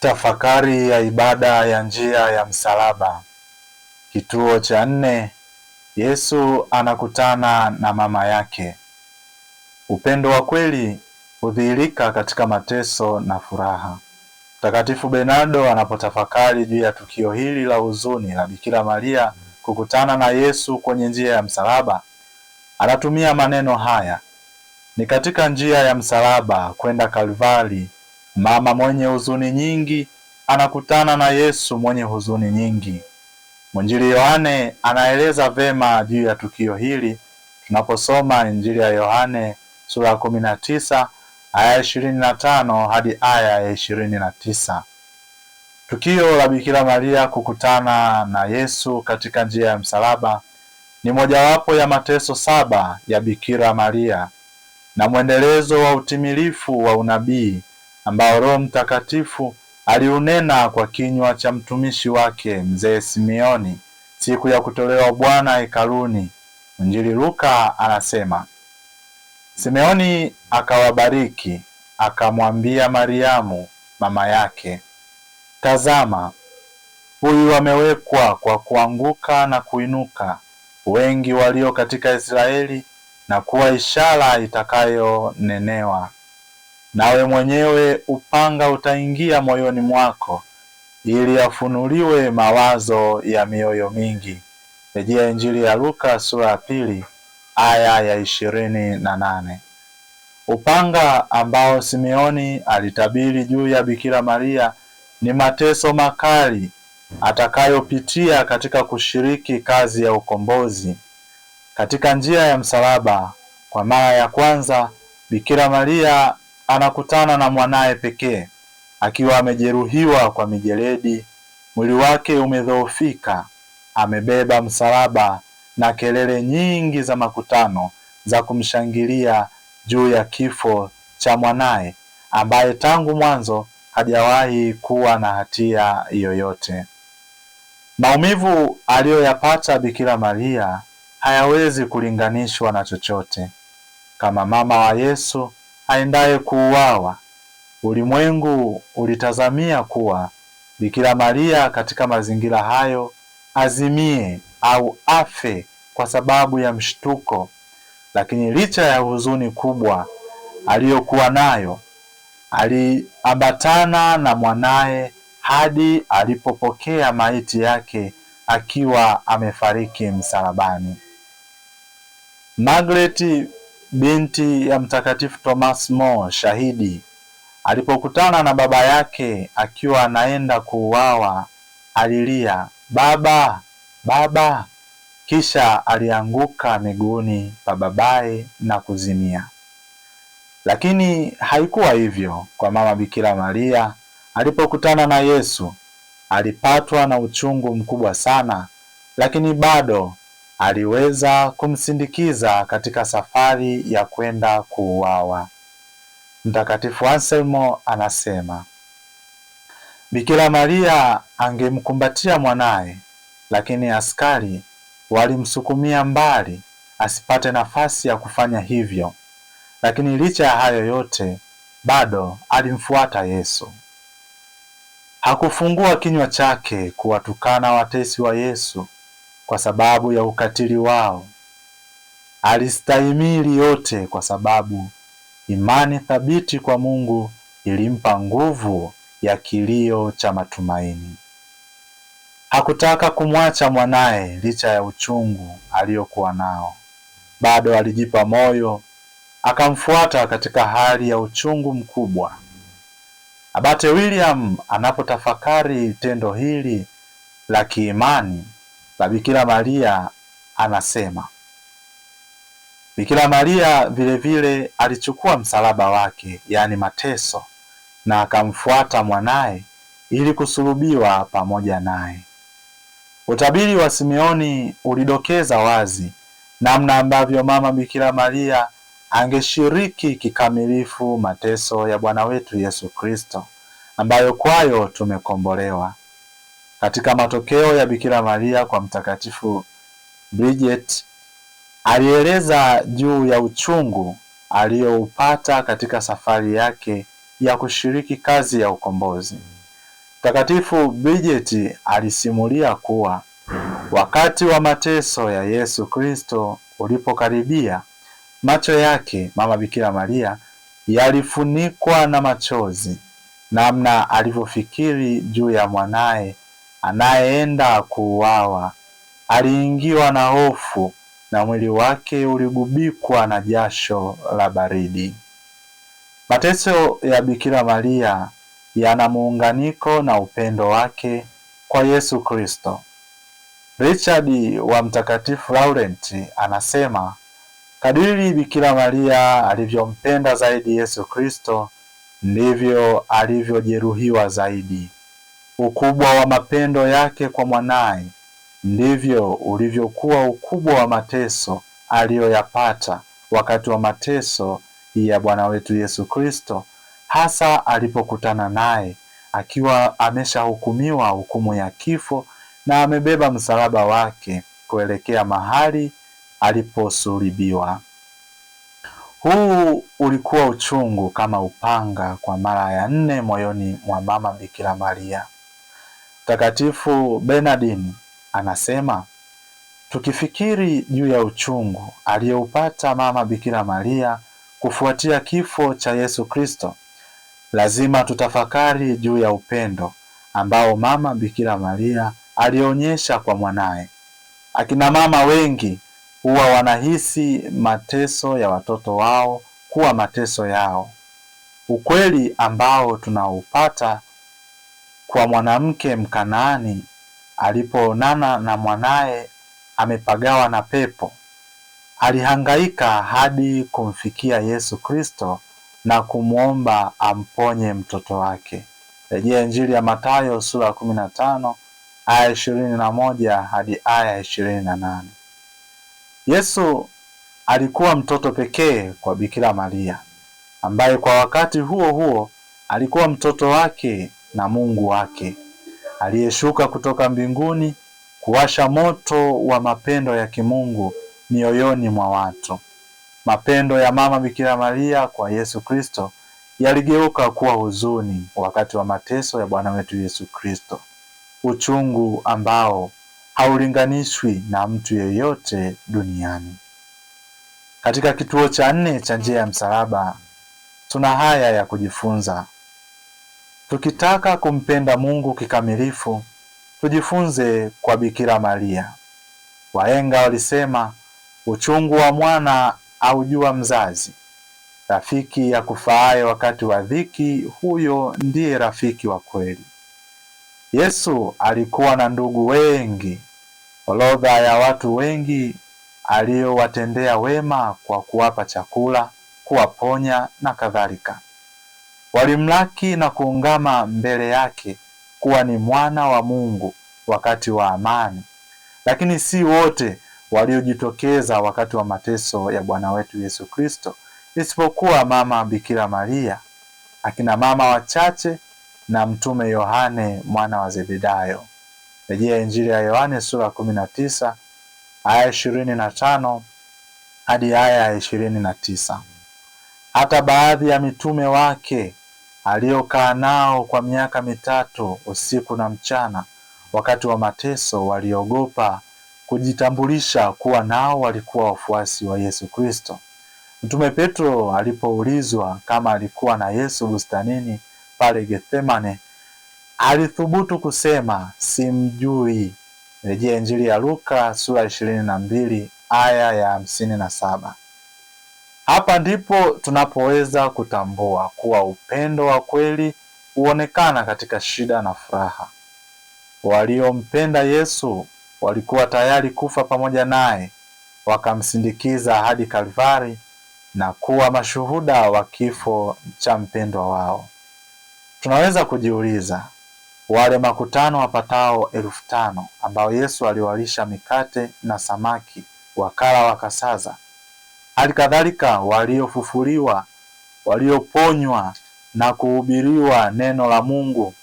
Tafakari ya ibada ya njia ya msalaba, kituo cha nne. Yesu anakutana na mama yake. Upendo wa kweli hudhihirika katika mateso na furaha. Mtakatifu Bernardo anapotafakari juu ya tukio hili la huzuni la Bikira Maria kukutana na Yesu kwenye njia ya msalaba, anatumia maneno haya: ni katika njia ya msalaba kwenda Kalvari Mama mwenye huzuni nyingi anakutana na Yesu mwenye huzuni nyingi. Mwinjili Yohane anaeleza vema juu ya tukio hili tunaposoma Injili ya Yohane sura ya 19 aya ya hadi aya ya 29. Tukio la Bikira Maria kukutana na Yesu katika njia ya msalaba ni mojawapo ya mateso saba ya Bikira Maria na mwendelezo wa utimilifu wa unabii ambao Roho Mtakatifu aliunena kwa kinywa cha mtumishi wake mzee Simeoni siku ya kutolewa Bwana hekaluni. Injili Luka anasema Simeoni akawabariki akamwambia Mariamu mama yake, tazama, huyu amewekwa kwa kuanguka na kuinuka wengi walio katika Israeli na kuwa ishara itakayonenewa nawe mwenyewe upanga utaingia moyoni mwako, ili afunuliwe mawazo ya mioyo mingi. Rejea Injili ya Luka sura ya pili aya ya ishirini na nane. Upanga ambao Simeoni alitabiri juu ya Bikira Maria ni mateso makali atakayopitia katika kushiriki kazi ya ukombozi katika njia ya msalaba. Kwa mara ya kwanza Bikira Maria anakutana na mwanaye pekee akiwa amejeruhiwa kwa mijeledi, mwili wake umedhoofika, amebeba msalaba na kelele nyingi za makutano za kumshangilia juu ya kifo cha mwanaye ambaye tangu mwanzo hajawahi kuwa na hatia yoyote. Maumivu aliyoyapata Bikira Maria hayawezi kulinganishwa na chochote. Kama mama wa Yesu aendaye kuuawa. Ulimwengu ulitazamia kuwa Bikira Maria katika mazingira hayo azimie au afe kwa sababu ya mshtuko, lakini licha ya huzuni kubwa aliyokuwa nayo, aliambatana na mwanaye hadi alipopokea maiti yake akiwa amefariki msalabani. Margaret binti ya Mtakatifu Thomas More shahidi alipokutana na baba yake akiwa anaenda kuuawa, alilia baba, baba, kisha alianguka miguuni pa babaye na kuzimia. Lakini haikuwa hivyo kwa mama Bikira Maria. Alipokutana na Yesu alipatwa na uchungu mkubwa sana, lakini bado aliweza kumsindikiza katika safari ya kwenda kuuawa. Mtakatifu Anselmo anasema Bikira Maria angemkumbatia mwanaye, lakini askari walimsukumia mbali asipate nafasi ya kufanya hivyo. Lakini licha ya hayo yote, bado alimfuata Yesu. Hakufungua kinywa chake kuwatukana watesi wa Yesu kwa sababu ya ukatili wao, alistahimili yote kwa sababu imani thabiti kwa Mungu ilimpa nguvu ya kilio cha matumaini. Hakutaka kumwacha mwanaye licha ya uchungu aliyokuwa nao. Bado alijipa moyo akamfuata katika hali ya uchungu mkubwa. Abate William anapotafakari tendo hili la kiimani na Bikira Maria anasema Bikira Maria vilevile alichukua msalaba wake, yaani mateso, na akamfuata mwanaye ili kusulubiwa pamoja naye. Utabiri wa Simeoni ulidokeza wazi namna ambavyo mama Bikira Maria angeshiriki kikamilifu mateso ya Bwana wetu Yesu Kristo, ambayo kwayo tumekombolewa katika matokeo ya Bikira Maria kwa Mtakatifu Bridget alieleza juu ya uchungu aliyoupata katika safari yake ya kushiriki kazi ya ukombozi. Mtakatifu Bridget alisimulia kuwa wakati wa mateso ya Yesu Kristo ulipokaribia, macho yake Mama Bikira Maria yalifunikwa na machozi, namna alivyofikiri juu ya mwanaye anayeenda kuuawa. Aliingiwa na hofu na mwili wake uligubikwa na jasho la baridi. Mateso ya Bikira Maria yana muunganiko na upendo wake kwa Yesu Kristo. Richard wa Mtakatifu laurent anasema kadiri Bikira Maria alivyompenda zaidi Yesu Kristo ndivyo alivyojeruhiwa zaidi ukubwa wa mapendo yake kwa mwanaye ndivyo ulivyokuwa ukubwa wa mateso aliyoyapata wakati wa mateso ya Bwana wetu Yesu Kristo, hasa alipokutana naye akiwa ameshahukumiwa hukumu ya kifo na amebeba msalaba wake kuelekea mahali aliposulibiwa Huu ulikuwa uchungu kama upanga kwa mara ya nne moyoni mwa mama Bikira Maria. Mtakatifu Bernardini anasema tukifikiri juu ya uchungu aliyoupata mama Bikira Maria kufuatia kifo cha Yesu Kristo, lazima tutafakari juu ya upendo ambao mama Bikira Maria alionyesha kwa mwanaye. Akina mama wengi huwa wanahisi mateso ya watoto wao kuwa mateso yao. Ukweli ambao tunaupata kwa mwanamke Mkanaani alipoonana na mwanaye amepagawa na pepo, alihangaika hadi kumfikia Yesu Kristo na kumwomba amponye mtoto wake. Rejea Injili ya Mathayo sura ya kumi na tano aya ishirini na moja hadi aya ishirini na nane. Yesu alikuwa mtoto pekee kwa Bikira Maria ambaye kwa wakati huo huo alikuwa mtoto wake na Mungu wake aliyeshuka kutoka mbinguni kuwasha moto wa mapendo ya kimungu mioyoni mwa watu. Mapendo ya Mama Bikira Maria kwa Yesu Kristo yaligeuka kuwa huzuni wakati wa mateso ya Bwana wetu Yesu Kristo, uchungu ambao haulinganishwi na mtu yeyote duniani. Katika kituo cha nne cha njia ya msalaba tuna haya ya kujifunza. Tukitaka kumpenda Mungu kikamilifu, tujifunze kwa Bikira Maria. Wahenga walisema uchungu wa mwana aujua mzazi. Rafiki ya kufaaye wakati wa dhiki, huyo ndiye rafiki wa kweli. Yesu alikuwa na ndugu wengi, orodha ya watu wengi aliyowatendea wema kwa kuwapa chakula, kuwaponya na kadhalika. Walimlaki na kuungama mbele yake kuwa ni mwana wa Mungu wakati wa amani, lakini si wote waliojitokeza wakati wa mateso ya Bwana wetu Yesu Kristo, isipokuwa mama Bikira Maria, akina mama wachache na mtume Yohane mwana wa Zebedayo. Rejea Injili ya Yohane sura 19 aya 25 hadi aya 29. Hata baadhi ya mitume wake aliyokaa nao kwa miaka mitatu usiku na mchana. Wakati wa mateso waliogopa kujitambulisha kuwa nao walikuwa wafuasi wa Yesu Kristo. Mtume Petro alipoulizwa kama alikuwa na Yesu bustanini pale Gethsemane, alithubutu kusema simjui. Rejea Injili ya Luka sura ishirini na mbili aya ya hamsini na saba. Hapa ndipo tunapoweza kutambua kuwa upendo wa kweli huonekana katika shida na furaha. Waliompenda Yesu walikuwa tayari kufa pamoja naye, wakamsindikiza hadi Kalvari na kuwa mashuhuda wa kifo cha mpendwa wao. Tunaweza kujiuliza wale makutano wapatao elfu tano ambao Yesu aliwalisha mikate na samaki wakala wakasaza Hali kadhalika waliofufuliwa, walioponywa na kuhubiriwa neno la Mungu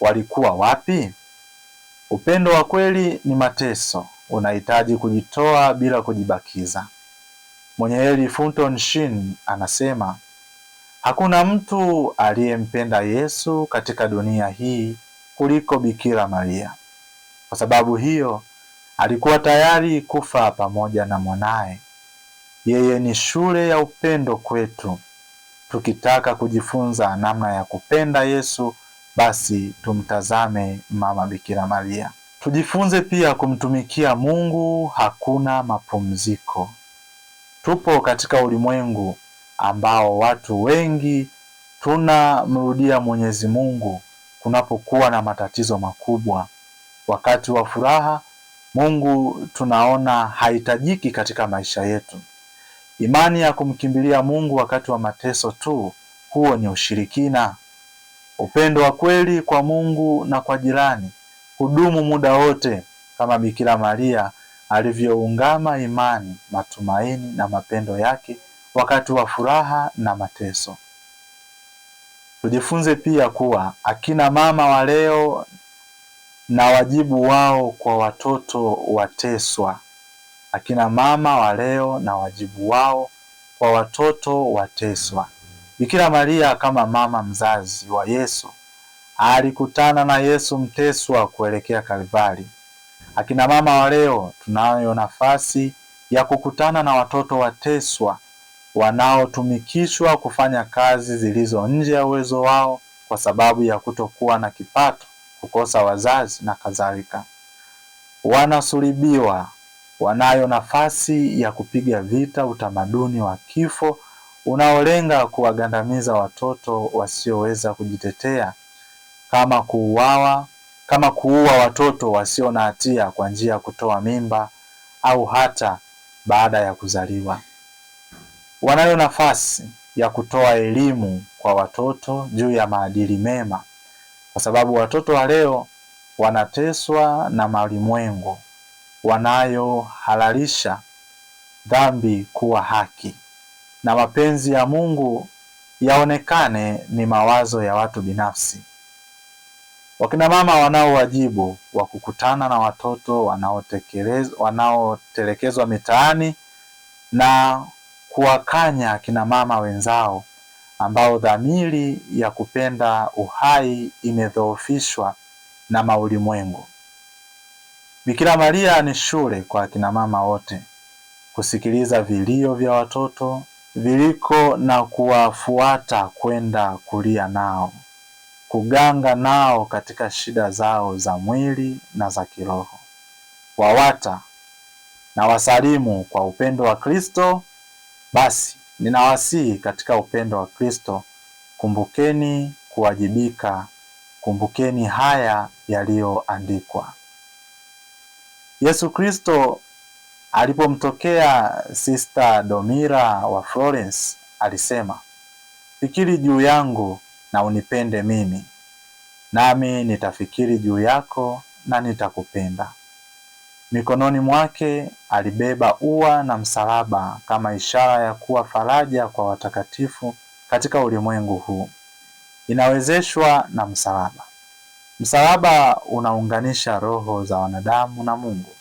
walikuwa wapi? Upendo wa kweli ni mateso, unahitaji kujitoa bila kujibakiza. Mwenye heri Funton Shin anasema hakuna mtu aliyempenda Yesu katika dunia hii kuliko Bikira Maria. Kwa sababu hiyo alikuwa tayari kufa pamoja na mwanaye yeye ni shule ya upendo kwetu. Tukitaka kujifunza namna ya kupenda Yesu, basi tumtazame Mama Bikira Maria. Tujifunze pia kumtumikia Mungu, hakuna mapumziko. Tupo katika ulimwengu ambao watu wengi tunamrudia Mwenyezi Mungu kunapokuwa na matatizo makubwa. Wakati wa furaha Mungu tunaona hahitajiki katika maisha yetu. Imani ya kumkimbilia Mungu wakati wa mateso tu, huo ni ushirikina. Upendo wa kweli kwa Mungu na kwa jirani hudumu muda wote, kama Bikira Maria alivyoungama imani, matumaini na mapendo yake wakati wa furaha na mateso. Tujifunze pia kuwa akina mama wa leo na wajibu wao kwa watoto wateswa akina mama wa leo na wajibu wao kwa watoto wateswa. Bikira Maria kama mama mzazi wa Yesu alikutana na Yesu mteswa kuelekea Kalvari. Akina mama wa leo tunayo nafasi ya kukutana na watoto wateswa wanaotumikishwa kufanya kazi zilizo nje ya uwezo wao kwa sababu ya kutokuwa na kipato, kukosa wazazi na kadhalika. wanasulibiwa wanayo nafasi ya kupiga vita utamaduni wa kifo unaolenga kuwagandamiza watoto wasioweza kujitetea kama kuuawa, kama kuua watoto wasio na hatia kwa njia ya kutoa mimba au hata baada ya kuzaliwa. Wanayo nafasi ya kutoa elimu kwa watoto juu ya maadili mema, kwa sababu watoto wa leo wanateswa na malimwengo wanayohalalisha dhambi kuwa haki na mapenzi ya Mungu yaonekane ni mawazo ya watu binafsi. Wakina mama wanao wajibu wa kukutana na watoto wanaotelekezwa wanaotelekezwa mitaani na kuwakanya akina mama wenzao ambao dhamiri ya kupenda uhai imedhoofishwa na maulimwengu. Bikira Maria ni shule kwa akina mama wote, kusikiliza vilio vya watoto viliko na kuwafuata kwenda kulia nao, kuganga nao katika shida zao za mwili na za kiroho. Wawata na wasalimu kwa upendo wa Kristo. Basi ninawasihi katika upendo wa Kristo, kumbukeni kuwajibika, kumbukeni haya yaliyoandikwa. Yesu Kristo alipomtokea Sista Domira wa Florence alisema, fikiri juu yangu na unipende mimi, nami nitafikiri juu yako na nitakupenda. Mikononi mwake alibeba ua na msalaba kama ishara ya kuwa faraja kwa watakatifu katika ulimwengu huu. Inawezeshwa na msalaba. Msalaba unaunganisha roho za wanadamu na Mungu.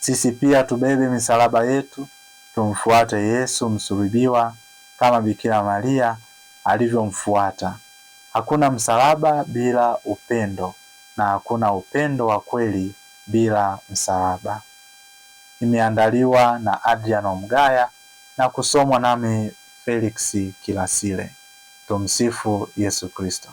Sisi pia tubebe misalaba yetu, tumfuate Yesu msulubiwa kama Bikira Maria alivyomfuata. Hakuna msalaba bila upendo na hakuna upendo wa kweli bila msalaba. Imeandaliwa na Adriano Mgaya na kusomwa nami Felix Kilasile. Tumsifu Yesu Kristo.